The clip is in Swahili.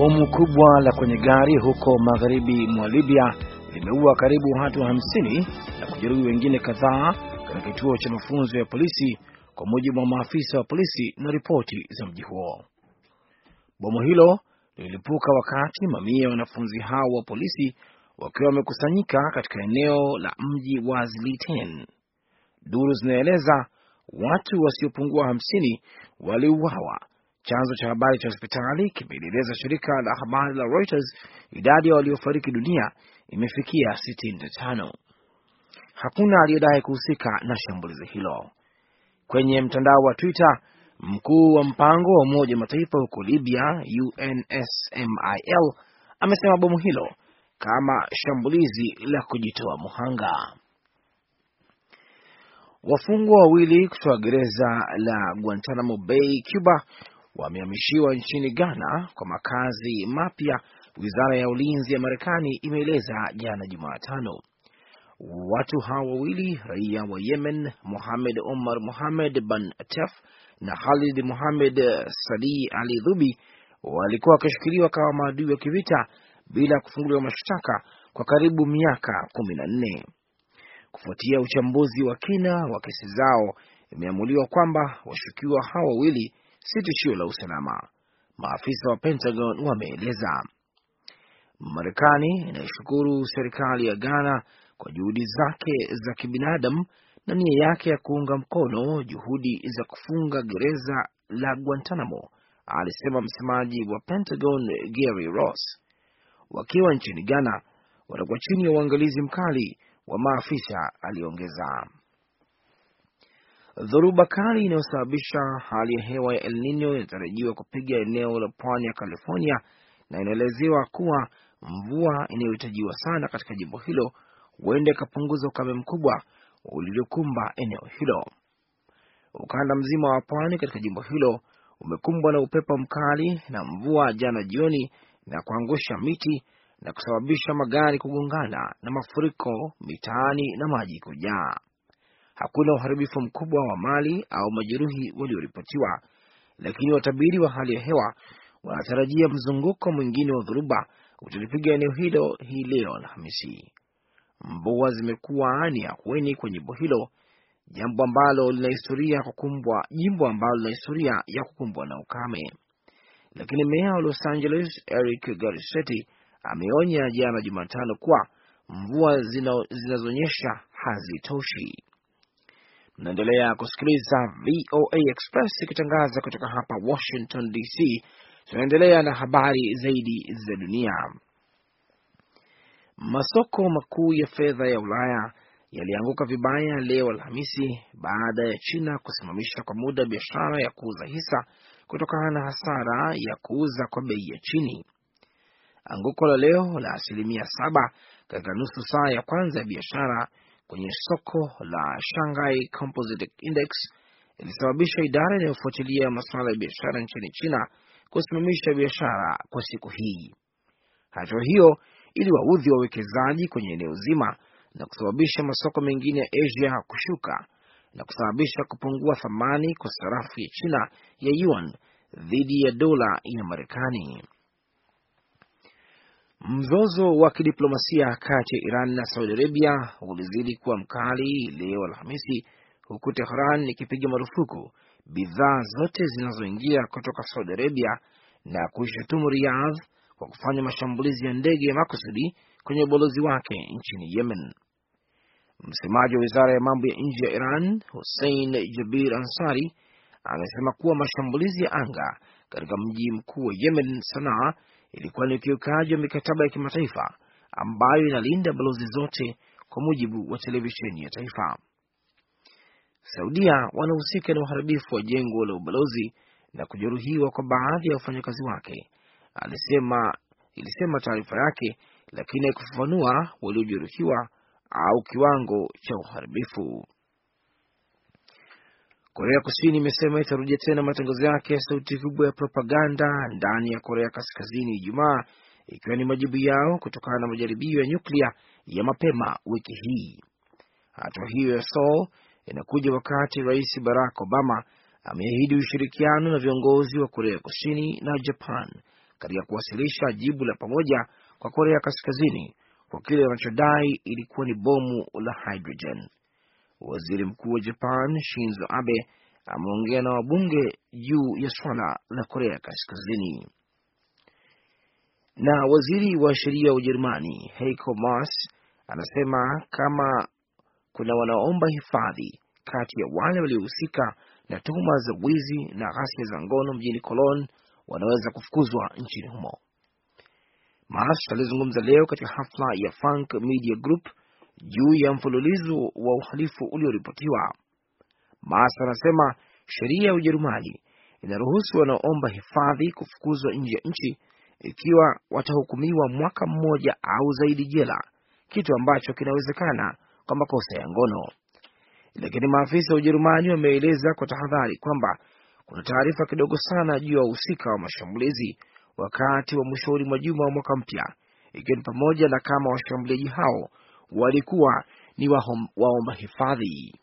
Bomu kubwa la kwenye gari huko magharibi mwa Libya limeua karibu watu 50 na kujeruhi wengine kadhaa katika kituo cha mafunzo ya polisi, kwa mujibu wa maafisa wa polisi na ripoti za mji huo. Bomu hilo lililipuka wakati mamia ya wanafunzi hao wa polisi wakiwa wamekusanyika katika eneo la mji wa Zliten. Duru zinaeleza watu wasiopungua hamsini waliuawa Chanzo cha habari cha hospitali kimelieleza shirika la habari la Reuters idadi ya waliofariki dunia imefikia 65. Hakuna aliyedai kuhusika na shambulizi hilo. Kwenye mtandao wa Twitter, mkuu wa mpango wa Umoja Mataifa huko Libya, UNSMIL, amesema bomu hilo kama shambulizi la kujitoa muhanga. Wafungwa wawili kutoka gereza la Guantanamo Bay, Cuba, wamehamishiwa nchini Ghana kwa makazi mapya, wizara ya ulinzi ya Marekani imeeleza jana Jumatano. Watu hawa wawili raia wa Yemen, Mohamed Omar Mohamed Ban Atef na Khalid Mohamed Sadi Ali Dhubi, walikuwa wakishikiliwa kama maadui wa kivita bila kufunguliwa mashtaka kwa karibu miaka kumi na nne. Kufuatia uchambuzi wa kina wa kesi zao, imeamuliwa kwamba washukiwa hawa wawili si tishio la usalama, maafisa wa Pentagon wameeleza. Marekani inayoshukuru serikali ya Ghana kwa juhudi zake za kibinadamu na nia yake ya kuunga mkono juhudi za kufunga gereza la Guantanamo, alisema msemaji wa Pentagon Gary Ross. Wakiwa nchini Ghana watakuwa chini ya uangalizi mkali wa maafisa, aliongeza. Dhoruba kali inayosababisha hali ya hewa ya El Nino inatarajiwa kupiga eneo la pwani ya California na inaelezewa kuwa mvua inayohitajiwa sana katika jimbo hilo huenda ikapunguza ukame mkubwa uliokumba eneo hilo. Ukanda mzima wa pwani katika jimbo hilo umekumbwa na upepo mkali na mvua jana jioni na kuangusha miti na kusababisha magari kugongana na mafuriko mitaani na maji kujaa hakuna uharibifu mkubwa wa mali au majeruhi walioripotiwa, lakini watabiri wa hali ya hewa wanatarajia mzunguko mwingine wa dhoruba utalipiga eneo hilo hii leo Alhamisi. Mvua zimekuwa ni akweni kwenye jimbo hilo, jambo ambalo lina historia kukumbwa, jimbo ambalo lina historia ya kukumbwa na ukame. Lakini meya wa Los Angeles Eric Garcetti ameonya jana Jumatano kuwa mvua zinazonyesha hazitoshi naendelea kusikiliza VOA Express ikitangaza kutoka hapa Washington DC. Tunaendelea na habari zaidi za dunia. Masoko makuu ya fedha ya Ulaya yalianguka vibaya leo Alhamisi baada ya China kusimamisha kwa muda biashara ya kuuza hisa kutokana na hasara ya kuuza kwa bei ya chini. Anguko la leo la asilimia saba katika nusu saa ya kwanza ya biashara kwenye soko la Shanghai Composite Index ilisababisha idara inayofuatilia masuala ya biashara nchini China kusimamisha biashara kwa siku hii. Hatua hiyo iliwaudhi wawekezaji kwenye eneo zima na kusababisha masoko mengine ya Asia kushuka na kusababisha kupungua thamani kwa sarafu ya China ya yuan dhidi ya dola ya Marekani. Mzozo wa kidiplomasia kati ya Iran na Saudi Arabia ulizidi kuwa mkali leo Alhamisi, huku Tehran ikipiga marufuku bidhaa zote zinazoingia kutoka Saudi Arabia na kuishutumu Riyadh kwa kufanya mashambulizi ya ndege ya makusudi kwenye ubalozi wake nchini Yemen. Msemaji wa wizara ya mambo ya nje ya Iran Hussein Jabir Ansari amesema kuwa mashambulizi ya anga katika mji mkuu wa Yemen, Sanaa, ilikuwa ni ukiukaji wa mikataba ya kimataifa ambayo inalinda balozi zote, kwa mujibu wa televisheni ya taifa. Saudia wanahusika na uharibifu wa jengo la ubalozi na kujeruhiwa kwa baadhi ya wafanyakazi wake, alisema, ilisema taarifa yake, lakini haikufafanua waliojeruhiwa au kiwango cha uharibifu. Korea Kusini imesema itarudia tena matangazo yake ya sauti kubwa ya propaganda ndani ya Korea Kaskazini Ijumaa, ikiwa ni majibu yao kutokana na majaribio ya nyuklia ya mapema wiki hii. Hatua hiyo ya Seoul inakuja wakati Rais Barack Obama ameahidi ushirikiano na viongozi wa Korea Kusini na Japan katika kuwasilisha jibu la pamoja kwa Korea Kaskazini kwa kile wanachodai ilikuwa ni bomu la hydrogen. Waziri Mkuu wa Japan Shinzo Abe ameongea na wabunge juu ya swala la Korea Kaskazini. Na waziri wa sheria wa Ujerumani Heiko Maas anasema kama kuna wanaomba hifadhi kati ya wale waliohusika na tuhuma za wizi na ghasia za ngono mjini Cologne wanaweza kufukuzwa nchini humo. Maas alizungumza leo katika hafla ya Funk Media Group juu ya mfululizo wa uhalifu ulioripotiwa. Maas anasema sheria ya Ujerumani inaruhusu wanaoomba hifadhi kufukuzwa nje ya nchi ikiwa watahukumiwa mwaka mmoja au zaidi jela, kitu ambacho kinawezekana kwa makosa ya ngono. Lakini maafisa wa Ujerumani wameeleza kwa tahadhari kwamba kuna taarifa kidogo sana juu ya wahusika wa mashambulizi wakati wa mwishoni mwa juma wa mwaka mpya, ikiwa ni pamoja na kama washambuliaji hao walikuwa ni wahom, waomba hifadhi.